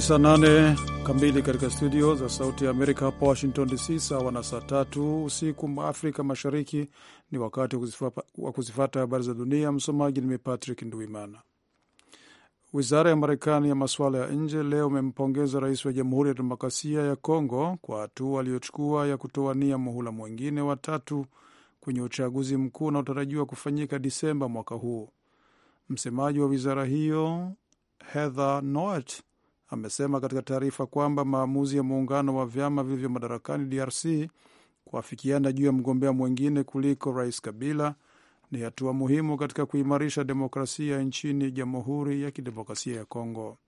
ni saa kamili katika studio za Sauti ya Amerika hapa Washington DC, sawa na saa tatu usiku Afrika Mashariki. Ni wakati wa kuzifata habari za dunia. Msomaji ni Patrick Nduimana. Wizara ya Marekani ya masuala ya nje leo imempongeza rais wa Jamhuri ya Demokrasia ya Kongo kwa hatua aliyochukua ya kutowania muhula mwingine wa tatu kwenye uchaguzi mkuu unaotarajiwa kufanyika Disemba mwaka huu. Msemaji wa wizara hiyo Heather Nauert amesema katika taarifa kwamba maamuzi ya muungano wa vyama vilivyo madarakani DRC kuafikiana juu ya mgombea mwingine kuliko Rais Kabila ni hatua muhimu katika kuimarisha demokrasia nchini Jamhuri ya Kidemokrasia ya Kongo.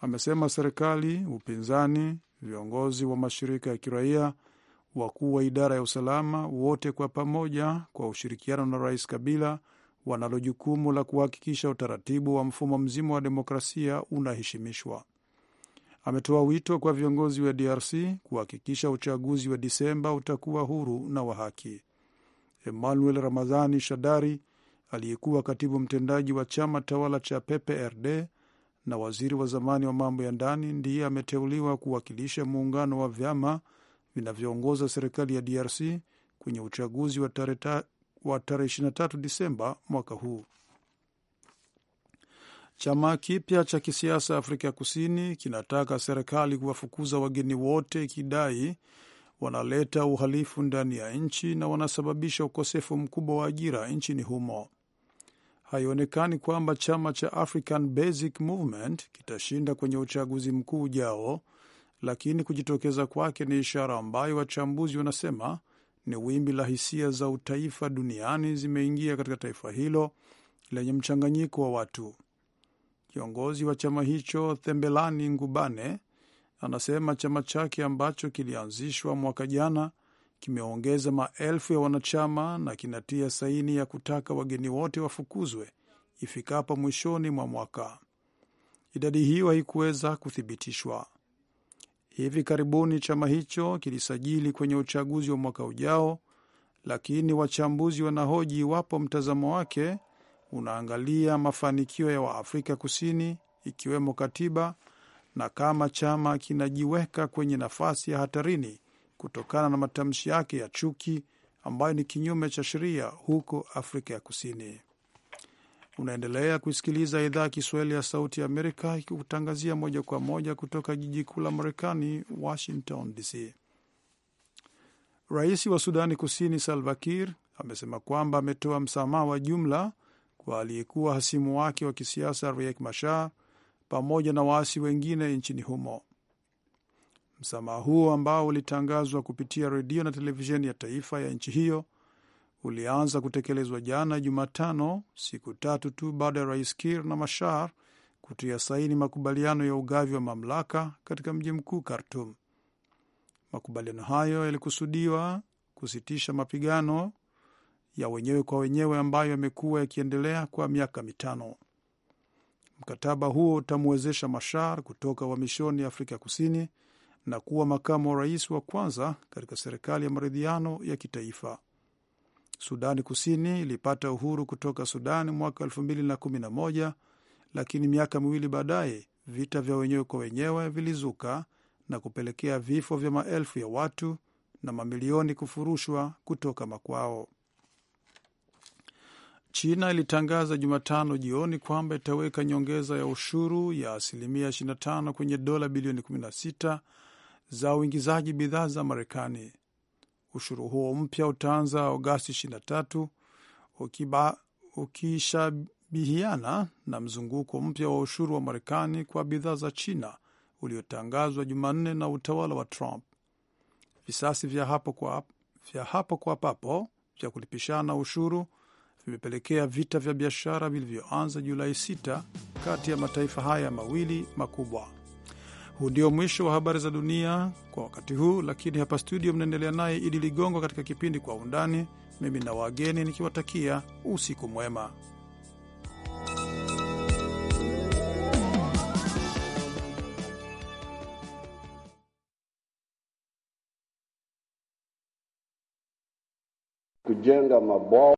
Amesema serikali, upinzani, viongozi wa mashirika ya kiraia, wakuu wa idara ya usalama, wote kwa pamoja, kwa ushirikiano na Rais Kabila wanalo jukumu la kuhakikisha utaratibu wa mfumo mzima wa demokrasia unaheshimishwa. Ametoa wito kwa viongozi wa DRC kuhakikisha uchaguzi wa Disemba utakuwa huru na wa haki. Emmanuel Ramazani Shadari aliyekuwa katibu mtendaji wa chama tawala cha PPRD na waziri wa zamani wa mambo ya ndani ndiye ameteuliwa kuwakilisha muungano wa vyama vinavyoongoza serikali ya DRC kwenye uchaguzi wa tarehe wa tarehe 23 Disemba mwaka huu. Chama kipya cha kisiasa Afrika Kusini kinataka serikali kuwafukuza wageni wote, ikidai wanaleta uhalifu ndani ya nchi na wanasababisha ukosefu mkubwa wa ajira nchini humo. Haionekani kwamba chama cha African Basic Movement kitashinda kwenye uchaguzi mkuu ujao, lakini kujitokeza kwake ni ishara ambayo wachambuzi wanasema ni wimbi la hisia za utaifa duniani zimeingia katika taifa hilo lenye mchanganyiko wa watu. Kiongozi wa chama hicho Thembelani Ngubane anasema chama chake ambacho kilianzishwa mwaka jana kimeongeza maelfu ya wanachama na kinatia saini ya kutaka wageni wote wafukuzwe ifikapo mwishoni mwa mwaka. Idadi hiyo haikuweza kuthibitishwa. Hivi karibuni chama hicho kilisajili kwenye uchaguzi wa mwaka ujao, lakini wachambuzi wanahoji iwapo mtazamo wake unaangalia mafanikio ya Waafrika Kusini, ikiwemo katiba na kama chama kinajiweka kwenye nafasi ya hatarini kutokana na matamshi yake ya chuki ambayo ni kinyume cha sheria huko Afrika ya Kusini. Unaendelea kuisikiliza idhaa ya Kiswahili ya Sauti ya Amerika ikikutangazia moja kwa moja kutoka jiji kuu la Marekani, Washington DC. Rais wa Sudani Kusini Salva Kiir amesema kwamba ametoa msamaha wa jumla kwa aliyekuwa hasimu wake wa kisiasa Riek Machar pamoja na waasi wengine nchini humo. Msamaha huo ambao ulitangazwa kupitia redio na televisheni ya taifa ya nchi hiyo ulianza kutekelezwa jana Jumatano, siku tatu tu baada ya rais Kir na Mashar kutia saini makubaliano ya ugavi wa mamlaka katika mji mkuu Khartum. Makubaliano hayo yalikusudiwa kusitisha mapigano ya wenyewe kwa wenyewe ambayo yamekuwa yakiendelea kwa miaka mitano. Mkataba huo utamwezesha Mashar kutoka uhamishoni Afrika Kusini na kuwa makamu wa rais wa kwanza katika serikali ya maridhiano ya kitaifa. Sudani Kusini ilipata uhuru kutoka Sudani mwaka 2011 lakini miaka miwili baadaye vita vya wenyewe kwa wenyewe vilizuka na kupelekea vifo vya maelfu ya watu na mamilioni kufurushwa kutoka makwao. China ilitangaza Jumatano jioni kwamba itaweka nyongeza ya ushuru ya asilimia 25 kwenye dola bilioni 16 za uingizaji bidhaa za Marekani. Ushuru huo mpya utaanza Agosti 23 ukiba, ukishabihiana na mzunguko mpya wa ushuru wa Marekani kwa bidhaa za China uliotangazwa Jumanne na utawala wa Trump. Visasi vya hapo kwa, vya hapo kwa papo vya kulipishana ushuru vimepelekea vita vya biashara vilivyoanza Julai 6 kati ya mataifa haya mawili makubwa. Huu ndio mwisho wa habari za dunia kwa wakati huu, lakini hapa studio mnaendelea naye Idi Ligongo katika kipindi Kwa Undani. Mimi na wageni nikiwatakia usiku mwema. Kujenga mabwawa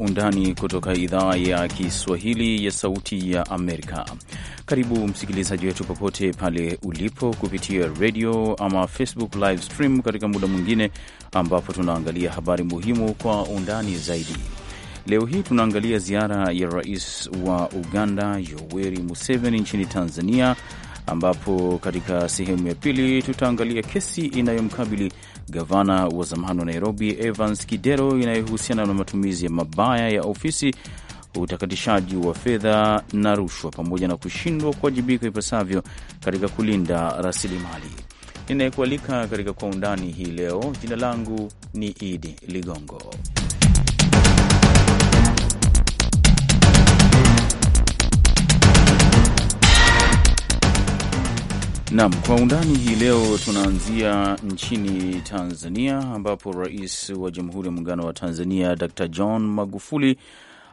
Undani kutoka idhaa ya Kiswahili ya Sauti ya Amerika. Karibu msikilizaji wetu popote pale ulipo kupitia radio ama Facebook live stream, katika muda mwingine ambapo tunaangalia habari muhimu kwa undani zaidi. Leo hii tunaangalia ziara ya rais wa Uganda Yoweri Museveni nchini Tanzania, ambapo katika sehemu ya pili tutaangalia kesi inayomkabili gavana wa zamani wa Nairobi Evans Kidero inayohusiana na matumizi mabaya ya ofisi, utakatishaji wa fedha na rushwa, pamoja na kushindwa kuwajibika ipasavyo katika kulinda rasilimali. Ninayekualika katika Kwa Undani hii leo, jina langu ni Idi Ligongo. Nam kwa undani hii leo, tunaanzia nchini Tanzania ambapo rais wa Jamhuri ya Muungano wa Tanzania Dr John Magufuli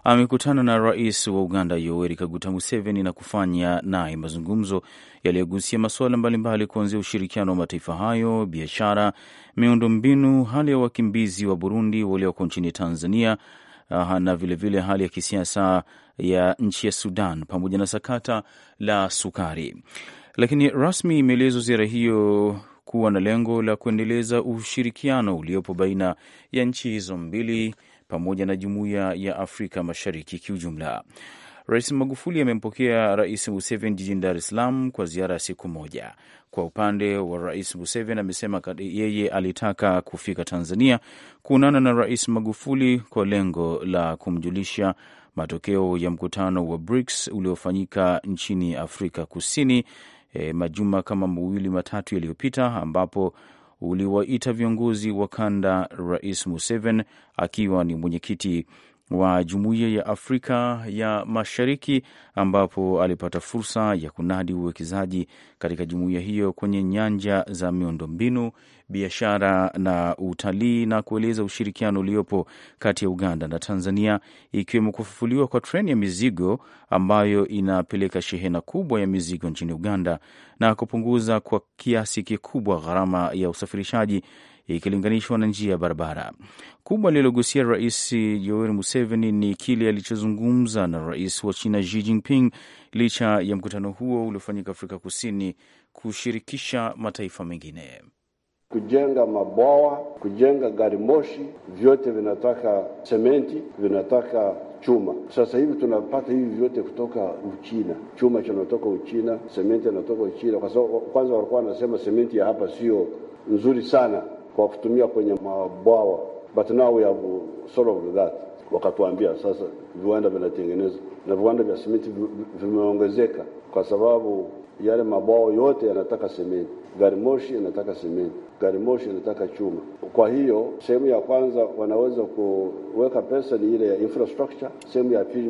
amekutana na rais wa Uganda Yoweri Kaguta Museveni na kufanya naye mazungumzo yaliyogusia masuala mbalimbali kuanzia ushirikiano wa mataifa hayo, biashara, miundo mbinu hali ya wakimbizi wa Burundi walioko nchini Tanzania ah, na vilevile vile hali ya kisiasa ya nchi ya Sudan pamoja na sakata la sukari lakini rasmi imeelezwa ziara hiyo kuwa na lengo la kuendeleza ushirikiano uliopo baina ya nchi hizo mbili pamoja na jumuiya ya Afrika Mashariki kiujumla. Rais Magufuli amempokea Rais Museveni jijini Dar es Salaam kwa ziara ya siku moja. Kwa upande wa Rais Museveni, amesema yeye alitaka kufika Tanzania kuonana na Rais Magufuli kwa lengo la kumjulisha matokeo ya mkutano wa BRICS uliofanyika nchini Afrika Kusini e, majuma kama mawili matatu yaliyopita, ambapo uliwaita viongozi wa kanda, Rais Museveni akiwa ni mwenyekiti wa Jumuiya ya Afrika ya Mashariki, ambapo alipata fursa ya kunadi uwekezaji katika jumuiya hiyo kwenye nyanja za miundombinu, biashara na utalii, na kueleza ushirikiano uliopo kati ya Uganda na Tanzania, ikiwemo kufufuliwa kwa treni ya mizigo ambayo inapeleka shehena kubwa ya mizigo nchini Uganda na kupunguza kwa kiasi kikubwa gharama ya usafirishaji ikilinganishwa na njia ya barabara. Kubwa lililogusia Rais Yoweri Museveni ni kile alichozungumza na rais wa China Xi Jinping, licha ya mkutano huo uliofanyika Afrika Kusini kushirikisha mataifa mengine kujenga mabwawa, kujenga gari moshi, vyote vinataka sementi, vinataka chuma. Sasa hivi tunapata hivi vyote kutoka Uchina. Chuma chanatoka Uchina, sementi anatoka Uchina, kwa sababu kwanza walikuwa wanasema sementi ya hapa sio nzuri sana kwa kutumia kwenye mabwawa, but now we have solved that. Wakatuambia sasa viwanda vinatengenezwa na viwanda vya simiti vimeongezeka, kwa sababu yale mabwawa yote yanataka simiti, gari moshi inataka simiti, gari moshi inataka chuma. Kwa hiyo sehemu ya kwanza wanaweza kuweka pesa ni ile ya infrastructure, sehemu ya pili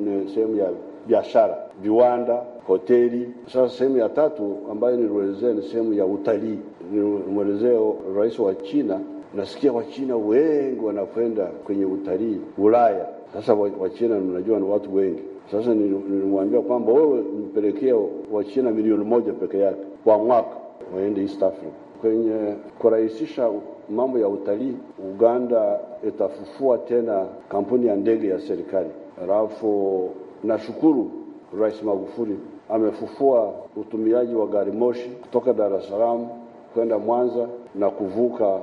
ni sehemu ya biashara, viwanda, hoteli. Sasa sehemu ya tatu ambayo nilielezea ni sehemu ya utalii. Nilimwelezea rais wa China, nasikia Wachina wengi wanakwenda kwenye utalii Ulaya. Sasa Wachina mnajua ni watu wengi. Sasa nilimwambia kwamba wewe mpelekea Wachina milioni moja peke yake kwa mwaka waende East Africa kwenye kurahisisha mambo ya utalii. Uganda itafufua tena kampuni ya ndege ya serikali, alafu Nashukuru Rais Magufuli amefufua utumiaji wa gari moshi kutoka Dar es Salaam kwenda Mwanza na kuvuka uh,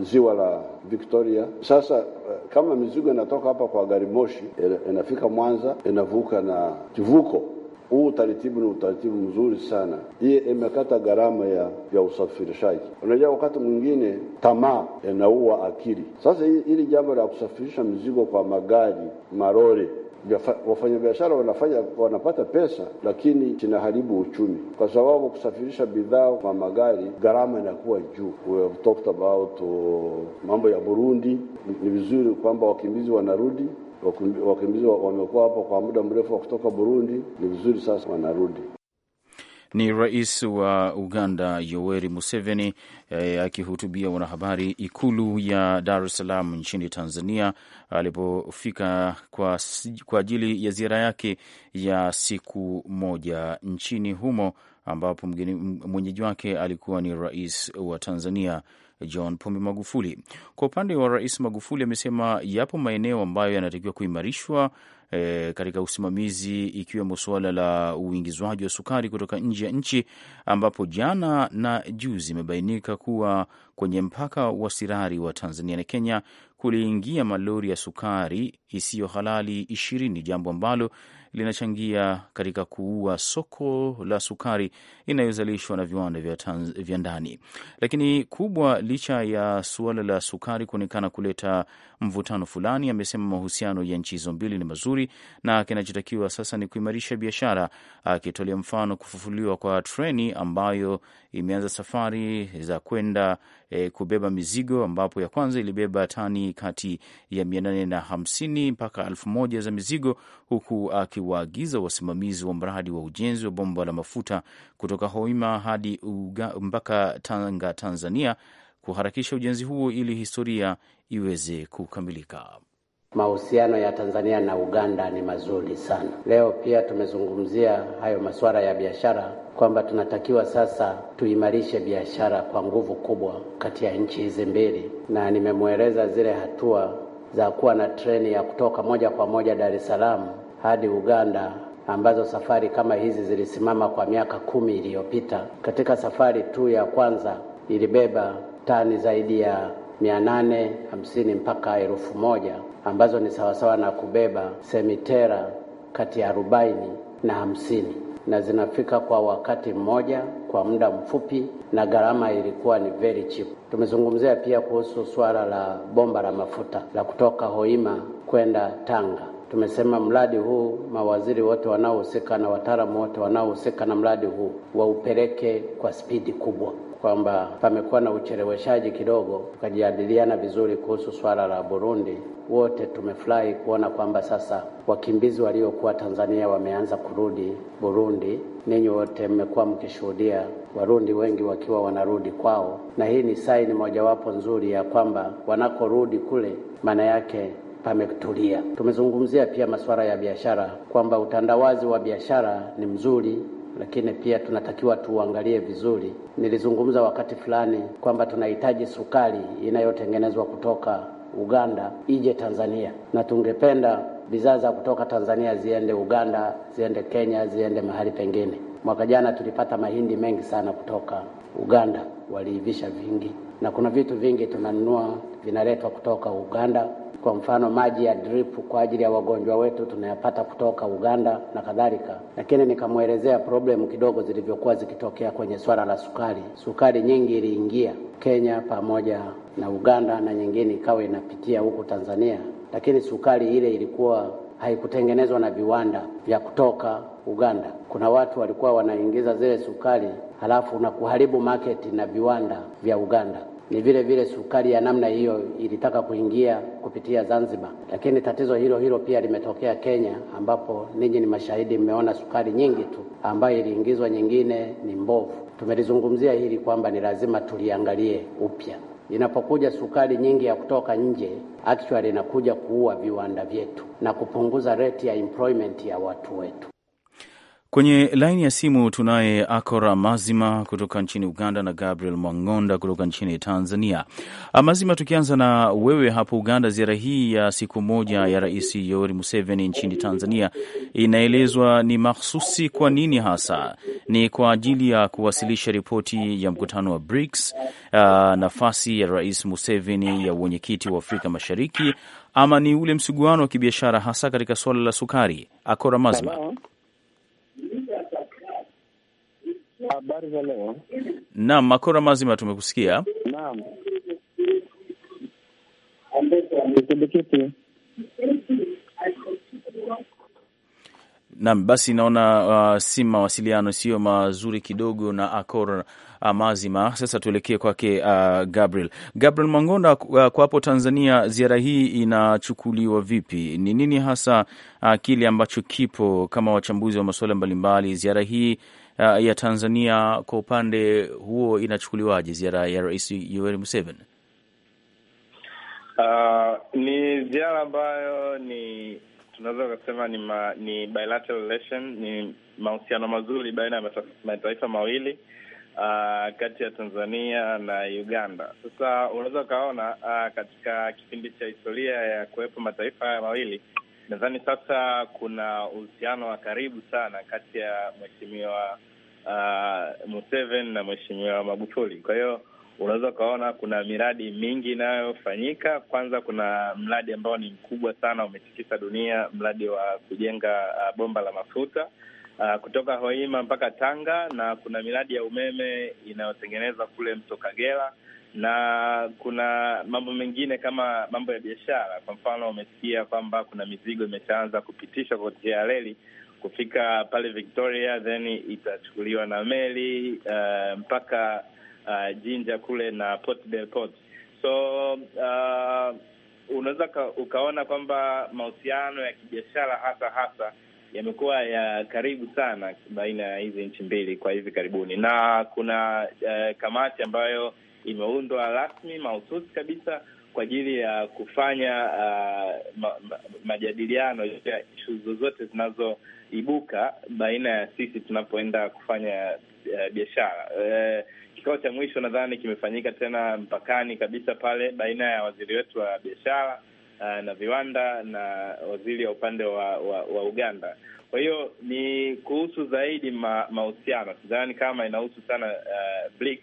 ziwa la Victoria. Sasa uh, kama mizigo inatoka hapa kwa gari moshi inafika Mwanza, inavuka na kivuko. Huu utaratibu ni utaratibu mzuri sana, hiye imekata gharama ya, ya usafirishaji. Unajua, wakati mwingine tamaa inaua akili. Sasa hili jambo la kusafirisha mizigo kwa magari marori wafanyabiashara wanafanya wanapata pesa, lakini kinaharibu uchumi, kwa sababu kusafirisha bidhaa kwa magari gharama inakuwa juu. We talked about uh, mambo ya Burundi. Ni vizuri kwamba wakimbizi wanarudi, wakimbizi wamekuwa hapa kwa muda mrefu wa kutoka Burundi, ni vizuri sasa wanarudi. Ni rais wa Uganda Yoweri Museveni eh, akihutubia wanahabari ikulu ya Dar es Salaam nchini Tanzania alipofika kwa, kwa ajili ya ziara yake ya siku moja nchini humo ambapo mwenyeji wake alikuwa ni rais wa Tanzania John Pombe Magufuli. Kwa upande wa Rais Magufuli amesema yapo maeneo ambayo yanatakiwa kuimarishwa e, katika usimamizi ikiwemo suala la uingizwaji wa sukari kutoka nje ya nchi, ambapo jana na juzi imebainika kuwa kwenye mpaka wa Sirari wa Tanzania na Kenya kuliingia malori ya sukari isiyo halali ishirini, jambo ambalo linachangia katika kuua soko la sukari inayozalishwa na viwanda vya ndani. Lakini kubwa, licha ya suala la sukari kuonekana kuleta mvutano fulani. Amesema mahusiano ya nchi hizo mbili ni mazuri na kinachotakiwa sasa ni kuimarisha biashara, akitolea mfano kufufuliwa kwa treni ambayo imeanza safari za kwenda e, kubeba mizigo ambapo ya kwanza ilibeba tani kati ya mia nane na hamsini mpaka elfu moja za mizigo, huku akiwaagiza wasimamizi wa mradi wa ujenzi wa bomba la mafuta kutoka Hoima hadi uga, mpaka Tanga Tanzania kuharakisha ujenzi huo ili historia iweze kukamilika. Mahusiano ya Tanzania na Uganda ni mazuri sana. Leo pia tumezungumzia hayo masuala ya biashara, kwamba tunatakiwa sasa tuimarishe biashara kwa nguvu kubwa kati ya nchi hizi mbili, na nimemweleza zile hatua za kuwa na treni ya kutoka moja kwa moja Dar es Salaam hadi Uganda ambazo safari kama hizi zilisimama kwa miaka kumi iliyopita. Katika safari tu ya kwanza ilibeba tani zaidi ya hamsini mpaka elfu moja ambazo ni sawasawa na kubeba semitera kati ya arobaini na hamsini na zinafika kwa wakati mmoja kwa muda mfupi, na gharama ilikuwa ni very cheap. Tumezungumzia pia kuhusu swala la bomba la mafuta la kutoka Hoima kwenda Tanga. Tumesema mradi huu mawaziri wote wanaohusika na wataalamu wote wanaohusika na mradi huu waupeleke kwa spidi kubwa kwamba pamekuwa na ucheleweshaji kidogo, tukajadiliana vizuri kuhusu swala la Burundi. Wote tumefurahi kuona kwamba sasa wakimbizi waliokuwa Tanzania wameanza kurudi Burundi. Ninyi wote mmekuwa mkishuhudia Warundi wengi wakiwa wanarudi kwao, na hii ni saini mojawapo nzuri ya kwamba wanakorudi kule, maana yake pametulia. Tumezungumzia pia masuala ya biashara kwamba utandawazi wa biashara ni mzuri, lakini pia tunatakiwa tuangalie vizuri. Nilizungumza wakati fulani kwamba tunahitaji sukari inayotengenezwa kutoka Uganda ije Tanzania, na tungependa bidhaa za kutoka Tanzania ziende Uganda, ziende Kenya, ziende mahali pengine. Mwaka jana tulipata mahindi mengi sana kutoka Uganda, waliivisha vingi na kuna vitu vingi tunanunua vinaletwa kutoka Uganda. Kwa mfano maji ya drip kwa ajili ya wagonjwa wetu tunayapata kutoka Uganda na kadhalika. Lakini nikamwelezea problem kidogo zilivyokuwa zikitokea kwenye swala la sukari. Sukari nyingi iliingia Kenya pamoja na Uganda na nyingine ikawa inapitia huku Tanzania, lakini sukari ile ilikuwa haikutengenezwa na viwanda vya kutoka Uganda. Kuna watu walikuwa wanaingiza zile sukari halafu na kuharibu market na viwanda vya Uganda. Ni vile vile sukari ya namna hiyo ilitaka kuingia kupitia Zanzibar, lakini tatizo hilo hilo pia limetokea Kenya, ambapo ninyi ni mashahidi, mmeona sukari nyingi tu ambayo iliingizwa, nyingine ni mbovu. Tumelizungumzia hili kwamba ni lazima tuliangalie upya. Inapokuja sukari nyingi ya kutoka nje, actually inakuja kuua viwanda vyetu na kupunguza rate ya employment ya watu wetu. Kwenye laini ya simu tunaye Akora Mazima kutoka nchini Uganda na Gabriel Mwang'onda kutoka nchini Tanzania. Ah, Mazima, tukianza na wewe hapo Uganda, ziara hii ya siku moja ya Rais Yoweri Museveni nchini Tanzania inaelezwa ni mahsusi. Kwa nini hasa? Ni kwa ajili ya kuwasilisha ripoti ya mkutano wa BRICS, ah, nafasi ya Rais Museveni ya uwenyekiti wa Afrika Mashariki, ama ni ule msuguano wa kibiashara hasa katika suala la sukari? Akora Mazima. Habari za leo. Naam, makora mazima, tumekusikia. Naam, naam, basi naona uh, si mawasiliano siyo mazuri kidogo na akora Ah, mazima. Sasa tuelekee kwake uh, Gabriel Gabriel Mwangonda, uh, kwa hapo Tanzania, ziara hii inachukuliwa vipi? Ni nini hasa uh, kile ambacho kipo kama wachambuzi wa masuala mbalimbali, ziara hii uh, ya Tanzania kwa upande huo inachukuliwaje, ziara ya Rais Yoweri Museveni? Uh, ni ziara ambayo ni tunaweza kusema ni ma, ni bilateral relation, ni mahusiano mazuri baina ya mataifa mawili uh, kati ya Tanzania na Uganda. Sasa unaweza ukaona uh, katika kipindi cha historia ya kuwepo mataifa haya mawili nadhani sasa kuna uhusiano wa karibu sana kati ya mheshimiwa uh, Museveni na mheshimiwa Magufuli. Kwa hiyo unaweza ukaona kuna miradi mingi inayofanyika. Kwanza kuna mradi ambao ni mkubwa sana umetikisa dunia, mradi wa kujenga uh, bomba la mafuta uh, kutoka Hoima mpaka Tanga, na kuna miradi ya umeme inayotengenezwa kule mto Kagera, na kuna mambo mengine kama mambo ya biashara. Kwa mfano, umesikia kwamba kuna mizigo imeshaanza kupitishwa kwa njia ya reli kufika pale Victoria, then itachukuliwa na meli uh, mpaka uh, Jinja kule na Port Del Port. So uh, unaweza ukaona kwamba mahusiano ya kibiashara hasa hasa yamekuwa ya karibu sana baina ya hizi nchi mbili kwa hivi karibuni, na kuna uh, kamati ambayo imeundwa rasmi mahususi kabisa kwa ajili ya kufanya uh, ma, ma, majadiliano ya ishu zozote zinazoibuka baina ya sisi tunapoenda kufanya uh, biashara uh, kikao cha mwisho nadhani kimefanyika tena mpakani kabisa pale baina ya waziri wetu wa biashara Eh, na viwanda na waziri ya upande wa, wa, wa Uganda. Kwa hiyo ni kuhusu zaidi mahusiano, sidhani kama inahusu sana uh, BRICS.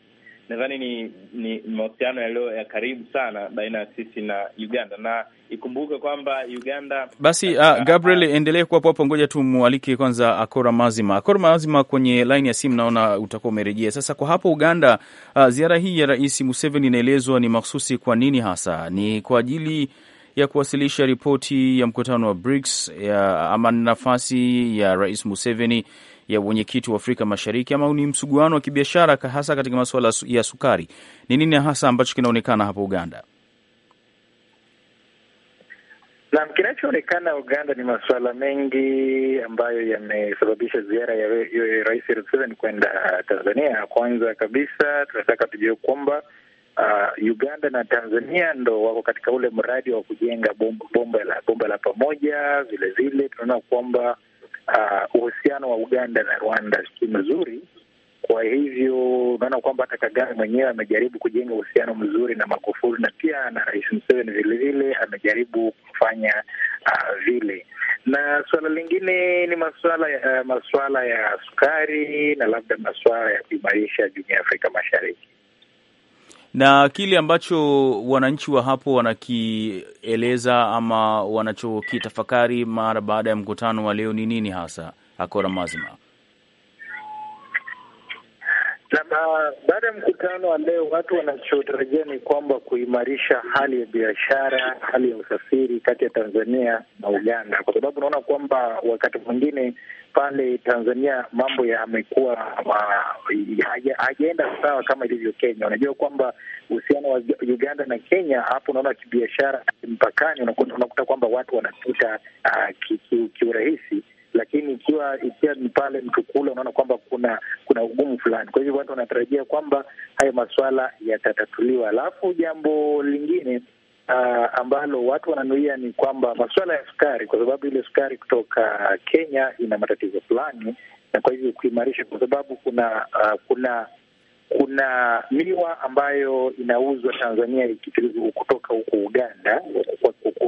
Nadhani ni ni mahusiano yaliyo ya karibu sana baina ya sisi na Uganda, na ikumbuke kwamba Uganda basi. Uh, Gabriel, endelee kuwapo hapo, ngoja tu mwalike kwanza Akora Mazima. Akora Mazima kwenye laini ya simu, naona utakuwa umerejea sasa. Kwa hapo Uganda, uh, ziara hii ya Rais Museveni inaelezwa ni mahususi Kwa nini hasa? Ni kwa ajili ya kuwasilisha ripoti ya mkutano wa BRICS ya ama nafasi ya Rais Museveni ya mwenyekiti wa Afrika Mashariki ama ni msuguano wa kibiashara hasa katika masuala ya sukari. Ni nini hasa ambacho kinaonekana hapo Uganda? Naam, kinachoonekana Uganda ni masuala mengi ambayo yamesababisha ziara ya Rais Museveni kwenda Tanzania. Kwanza kabisa tunataka tujue kwamba uh, Uganda na Tanzania ndo wako katika ule mradi wa kujenga bomba, la bomba la pamoja. Vilevile tunaona kwamba uh, uhusiano wa Uganda na Rwanda si mzuri, kwa hivyo unaona kwamba hata Kagame mwenyewe amejaribu kujenga uhusiano mzuri na Magufuli na pia na Rais Museveni vilevile amejaribu kufanya uh, vile. Na suala lingine ni masuala ya masuala ya sukari na labda masuala ya kuimarisha jumuiya ya Afrika Mashariki na kile ambacho wananchi wa hapo wanakieleza ama wanachokitafakari mara baada ya mkutano wa leo ni nini hasa? Akora mazima na baada ya mkutano wa leo, watu wanachotarajia ni kwamba kuimarisha hali ya biashara, hali ya usafiri kati ya Tanzania na Uganda, kwa sababu unaona kwamba wakati mwingine pale Tanzania mambo yamekuwa hajaenda sawa kama ilivyo Kenya. Unajua kwamba uhusiano wa Uganda na Kenya hapo, unaona kibiashara, mpakani unakuta kwamba watu wanapita uh, ah, kiurahisi ki, ki lakini ikiwa ikiwa ni pale mtu kule, unaona kwamba kuna kuna ugumu fulani. Kwa hivyo watu wanatarajia kwamba hayo maswala yatatatuliwa. Alafu jambo lingine Uh, ambalo watu wananuia ni kwamba masuala ya sukari, kwa sababu ile sukari kutoka Kenya ina matatizo fulani, na kwa hivyo kuimarisha, kwa sababu kuna uh, kuna kuna miwa ambayo inauzwa Tanzania kutoka huko Uganda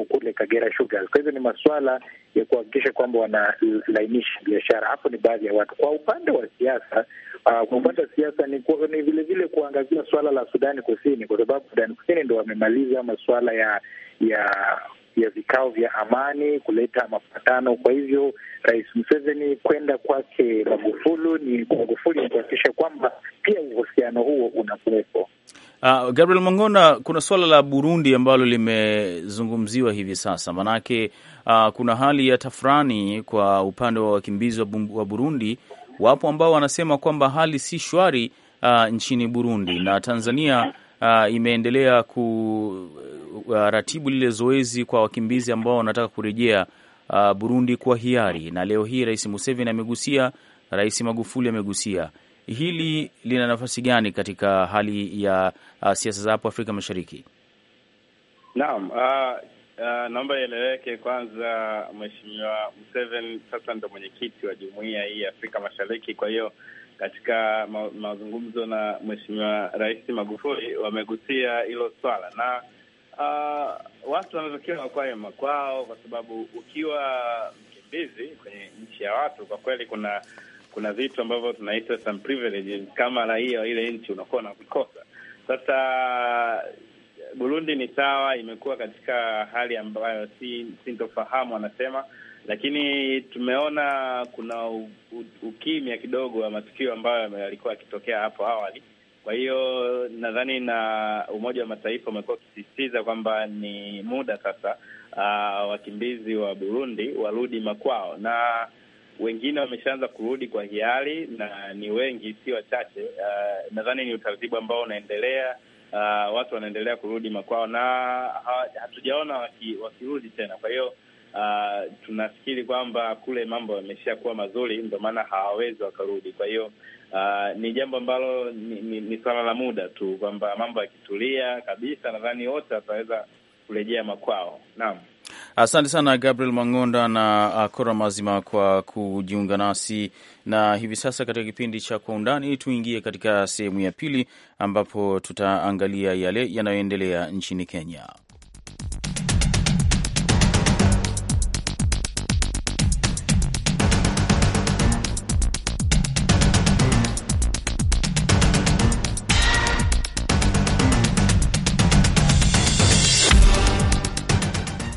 kule Kagera Sugar. Kwa hivyo ni masuala ya kuhakikisha kwamba wanalainisha biashara, hapo ni baadhi ya watu. Kwa upande wa siasa uh, kwa upande wa siasa ni, ni vilevile kuangazia suala la Sudani Kusini, kwa sababu Sudani Kusini ndo wamemaliza masuala ya ya ya vikao vya amani kuleta mapatano. Kwa hivyo Rais Museveni kwenda kwake Magufuli ni Magufuli ni kuhakikisha kwamba pia uhusiano huo unakuwepo. Uh, Gabriel Mangona, kuna suala la Burundi ambalo limezungumziwa hivi sasa, maanake uh, ah, kuna hali ya tafurani kwa upande wa wakimbizi wa Burundi. Wapo ambao wanasema kwamba hali si shwari uh, nchini Burundi na Tanzania Ah, uh, imeendelea kuratibu uh, lile zoezi kwa wakimbizi ambao wanataka kurejea uh, Burundi kwa hiari, na leo hii Rais Museveni amegusia, Rais Magufuli amegusia hili lina nafasi gani katika hali ya uh, siasa za hapo Afrika Mashariki? Naam, uh, uh, naomba ieleweke kwanza, Mheshimiwa Museveni sasa ndo mwenyekiti wa jumuiya hii ya Afrika Mashariki, kwa hiyo katika ma mazungumzo na Mheshimiwa Rais Magufuli wamegusia hilo swala na uh, watu wanatakiwa wakwae makwao, kwa sababu ukiwa mkimbizi kwenye nchi ya watu, kwa kweli kuna kuna vitu ambavyo tunaita some privileges kama raia wa ile nchi unakuwa na kukosa Sasa Burundi ni sawa, imekuwa katika hali ambayo si sintofahamu, wanasema lakini tumeona kuna u, u, ukimya kidogo wa matukio ambayo yalikuwa yakitokea hapo awali. Kwa hiyo nadhani na Umoja wa Mataifa umekuwa ukisisitiza kwamba ni muda sasa, uh, wakimbizi wa Burundi warudi makwao, na wengine wameshaanza kurudi kwa hiari na ni wengi, si wachache. Uh, nadhani ni utaratibu ambao unaendelea. Uh, watu wanaendelea kurudi makwao na hatujaona wakirudi waki tena. Kwa hiyo uh, tunafikiri kwamba kule mambo yamesha kuwa mazuri, ndo maana hawawezi wakarudi. Kwa hiyo uh, ni jambo ambalo ni, ni, ni swala la muda tu, kwamba mambo yakitulia kabisa, nadhani wote wataweza kurejea makwao. Naam. Asante sana Gabriel Mang'onda na ah, Kora Mazima kwa kujiunga nasi, na hivi sasa katika kipindi cha Kwa Undani tuingie katika sehemu ya pili ambapo tutaangalia yale yanayoendelea nchini Kenya.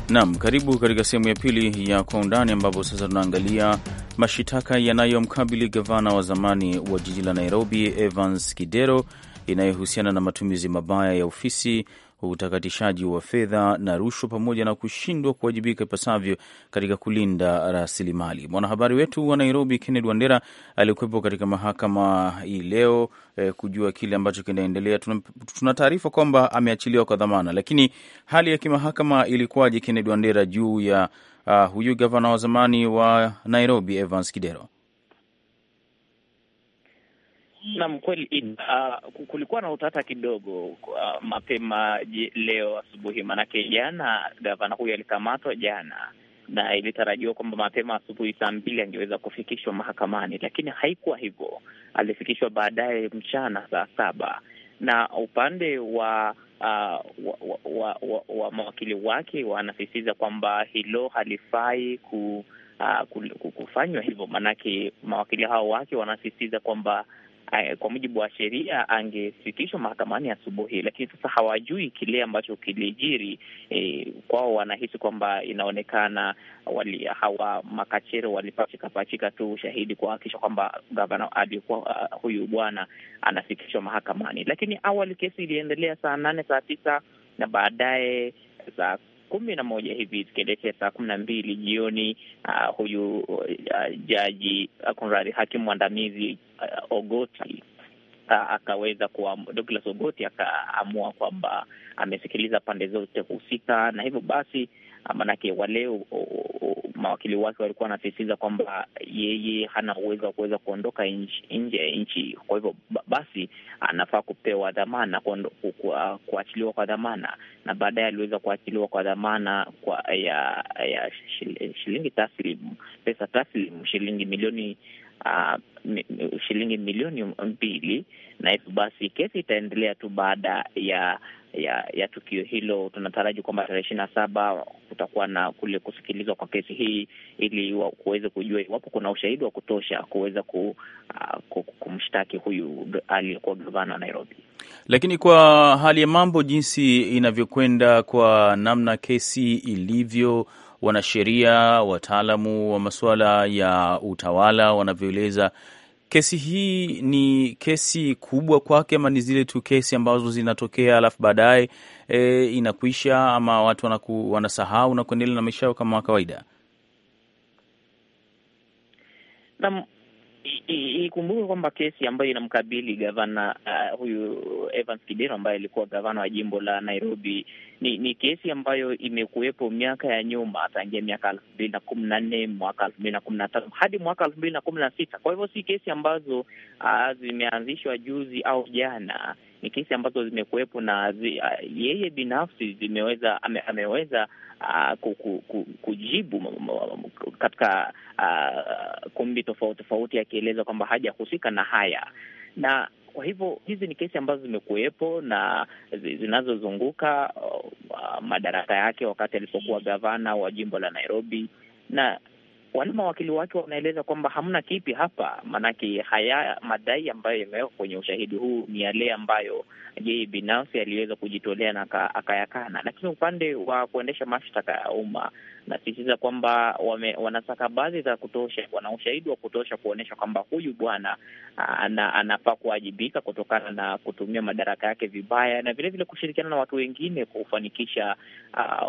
Naam, karibu katika sehemu ya pili ya Kwa Undani, ambapo sasa tunaangalia mashitaka yanayomkabili gavana wa zamani wa jiji la Nairobi Evans Kidero, inayohusiana na matumizi mabaya ya ofisi utakatishaji wa fedha na rushwa pamoja na kushindwa kuwajibika ipasavyo katika kulinda rasilimali. Mwanahabari wetu wa Nairobi, Kennedy Wandera, alikuwepo katika mahakama hii leo eh, kujua kile ambacho kinaendelea. Tuna, tuna taarifa kwamba ameachiliwa kwa dhamana, lakini hali ya kimahakama ilikuwaje, Kennedy Wandera, juu ya uh, huyu gavana wa zamani wa Nairobi Evans Kidero? Naam, kweli uh, kulikuwa na utata kidogo uh, mapema leo asubuhi, maanake jana gavana huyo alikamatwa jana na ilitarajiwa kwamba mapema asubuhi saa mbili angeweza kufikishwa mahakamani, lakini haikuwa hivyo. Alifikishwa baadaye mchana saa saba na upande wa uh, wa, wa, wa, wa mawakili wake wanasisitiza kwamba hilo halifai ku, uh, kufanywa hivyo, maanake mawakili hao wake wanasisitiza kwamba Eh, kwa mujibu wa sheria angefikishwa mahakamani asubuhi, lakini sasa hawajui kile ambacho kilijiri. E, kwao wanahisi kwamba inaonekana wali, hawa makachero walipachika pachika tu ushahidi kuhakikisha kwamba gavana alikuwa uh, huyu bwana anafikishwa mahakamani. Lakini awali kesi iliendelea saa nane saa tisa na baadaye saa kumi na moja hivi zikielekea saa kumi na mbili jioni. Uh, huyu uh, jaji uh, kunradhi, hakimu mwandamizi uh, Ogoti uh, akaweza kuwa Douglas Ogoti akaamua kwamba amesikiliza pande zote husika, na hivyo basi uh, maanake waleo uh, mawakili wake walikuwa wanasisitiza kwamba yeye hana uwezo wa kuweza kuondoka nje ya nchi, kwa hivyo basi anafaa kupewa dhamana, ah, kuachiliwa kwa dhamana, na baadaye aliweza kuachiliwa kwa dhamana kwa ya ya shilingi taslim pesa taslim shilingi milioni Uh, shilingi milioni mbili na hivyo basi kesi itaendelea tu baada ya ya ya tukio hilo. Tunataraji kwamba tarehe ishirini na saba kutakuwa na kule kusikilizwa kwa kesi hii ili kuweze kujua iwapo kuna ushahidi wa kutosha kuweza ku, uh, kumshtaki huyu aliyekuwa gavana wa Nairobi. Lakini kwa hali ya mambo jinsi inavyokwenda, kwa namna kesi ilivyo, wanasheria, wataalamu wa masuala ya utawala wanavyoeleza Kesi hii ni kesi kubwa kwake ama ni zile tu kesi ambazo zinatokea alafu baadaye e, inakuisha ama watu wanaku, wanasahau na kuendelea na maisha yao kama kawaida? Naam, Ikumbuke kwamba kesi ambayo inamkabili gavana uh, huyu Evans Kidero ambaye alikuwa gavana wa jimbo la Nairobi ni, ni kesi ambayo imekuwepo miaka ya nyuma tangia miaka elfu mbili na kumi na nne mwaka elfu mbili na kumi na tano hadi mwaka elfu mbili na kumi na sita Kwa hivyo si kesi ambazo uh, zimeanzishwa juzi au jana ni kesi ambazo zimekuwepo na zi, uh, yeye binafsi zimeweza ame, ameweza Uh, kujibu katika uh, kumbi tofauti tofauti, akieleza kwamba hajahusika na haya na kwa hivyo hizi ni kesi ambazo zimekuwepo na zinazozunguka uh, madaraka yake wakati alipokuwa gavana wa jimbo la Nairobi, na wale mawakili wake wanaeleza kwamba hamna kipi hapa, maanake haya madai ambayo yamewekwa kwenye ushahidi huu ni yale ambayo yeye binafsi aliweza kujitolea na akayakana. Lakini upande wa kuendesha mashtaka ya umma nasisitiza kwamba wanastakabadhi za kutosha, wana ushahidi wa kutosha kuonyesha kwamba huyu bwana anafaa kuwajibika kutokana na kutumia madaraka yake vibaya na vilevile kushirikiana na watu wengine kufanikisha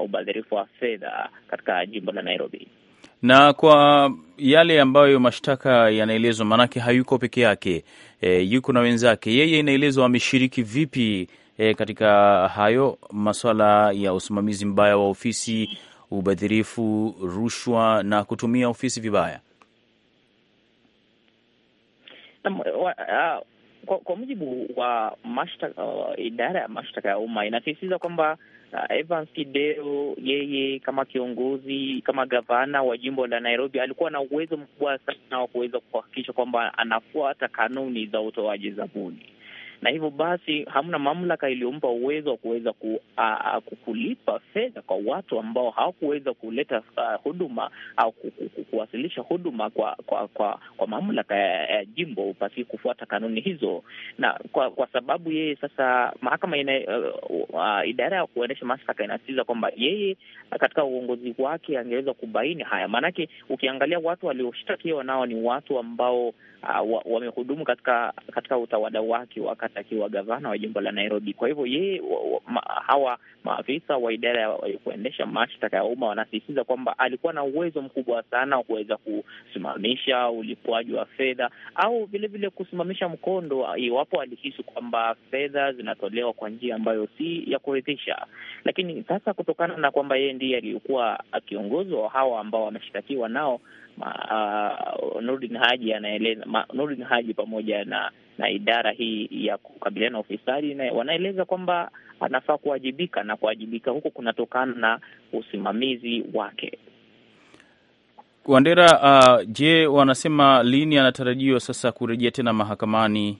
ubadhirifu wa fedha katika jimbo la Nairobi na kwa yale ambayo mashtaka yanaelezwa, maanake hayuko peke yake e, yuko na wenzake. Yeye inaelezwa ameshiriki vipi e, katika hayo maswala ya usimamizi mbaya wa ofisi, ubadhirifu, rushwa na kutumia ofisi vibaya kwa, kwa mujibu wa mashtaka uh, idara ya mashtaka ya umma inasisitiza kwamba uh, Evans Kidero yeye kama kiongozi kama gavana wa jimbo la Nairobi alikuwa na uwezo mkubwa sana wa kuweza kuhakikisha kwamba anafuata kanuni za utoaji zabuni na hivyo basi hamna mamlaka iliyompa uwezo wa kuweza ku, kulipa fedha kwa watu ambao hawakuweza kuleta uh, huduma au kuwasilisha huduma kwa kwa kwa, kwa mamlaka ya, ya jimbo pasi kufuata kanuni hizo, na kwa, kwa sababu yeye sasa mahakama ina uh, uh, idara ya kuendesha mashtaka inasitiza kwamba yeye katika uongozi wake angeweza kubaini haya, maanake ukiangalia watu walioshtakiwa nao ni watu ambao uh, wamehudumu katika katika utawala wake wa akiwa gavana wa jimbo la Nairobi. Kwa hivyo yeye, ma, hawa maafisa wa idara ya kuendesha mashtaka ya umma wanasisitiza kwamba alikuwa na uwezo mkubwa sana wa kuweza kusimamisha ulipwaji wa fedha au vilevile kusimamisha mkondo iwapo alihisi kwamba fedha zinatolewa kwa njia ambayo si ya kuridhisha. Lakini sasa kutokana na kwamba yeye ndiye aliyekuwa akiongozwa hawa ambao wameshtakiwa nao, uh, Nurdin Haji anaeleza, Nurdin Haji pamoja na na idara hii ya kukabiliana na ufisadi, na wanaeleza kwamba anafaa kuwajibika na kuwajibika huko kunatokana na usimamizi wake. Wandera, uh, je, wanasema lini anatarajiwa sasa kurejea tena mahakamani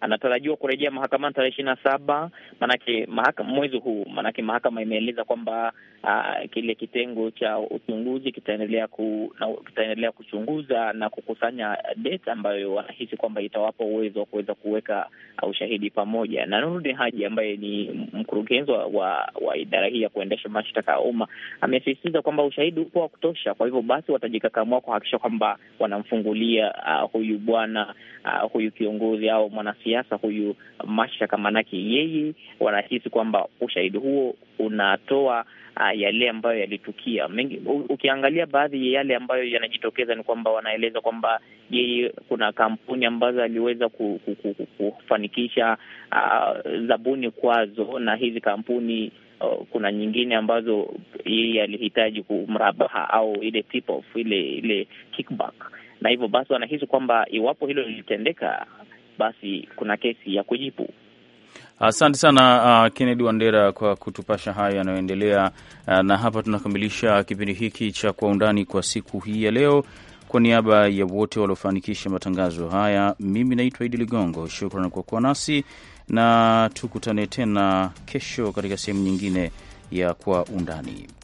anatarajiwa kurejea mahakamani tarehe ishirini na saba manake mwezi huu, manake mahakama imeeleza kwamba uh, kile kitengo cha uchunguzi kitaendelea ku, na, kitaendelea kuchunguza na kukusanya data ambayo wanahisi kwamba itawapa uwezo wa kuweza kuweka ah, ushahidi pamoja na Nurdin Haji ambaye ni mkurugenzi wa, wa idara hii ya kuendesha mashtaka ya umma amesisitiza kwamba ushahidi upo wa kutosha, kwa hivyo basi watajikakamua kuhakikisha kwamba wanamfungulia uh, huyu bwana uh, huyu kiongozi au mwanasiasa mwanasiasa huyu mashaka maanake yeye wanahisi kwamba ushahidi huo unatoa uh, yale ambayo yalitukia mengi. Ukiangalia baadhi ya yale ambayo yanajitokeza ni kwamba wanaeleza kwamba yeye, kuna kampuni ambazo aliweza kufanikisha uh, zabuni kwazo, na hizi kampuni uh, kuna nyingine ambazo yeye alihitaji kumrabaha au ile tip off, ile ile kickback na hivyo basi wanahisi kwamba iwapo hilo lilitendeka, basi kuna kesi ya kujibu. Asante sana uh, Kennedy Wandera kwa kutupasha hayo yanayoendelea. Uh, na hapa tunakamilisha kipindi hiki cha Kwa Undani kwa siku hii ya leo. Kwa niaba ya wote waliofanikisha matangazo haya, mimi naitwa Idi Ligongo. Shukran kwa kuwa nasi na tukutane tena kesho katika sehemu nyingine ya Kwa Undani.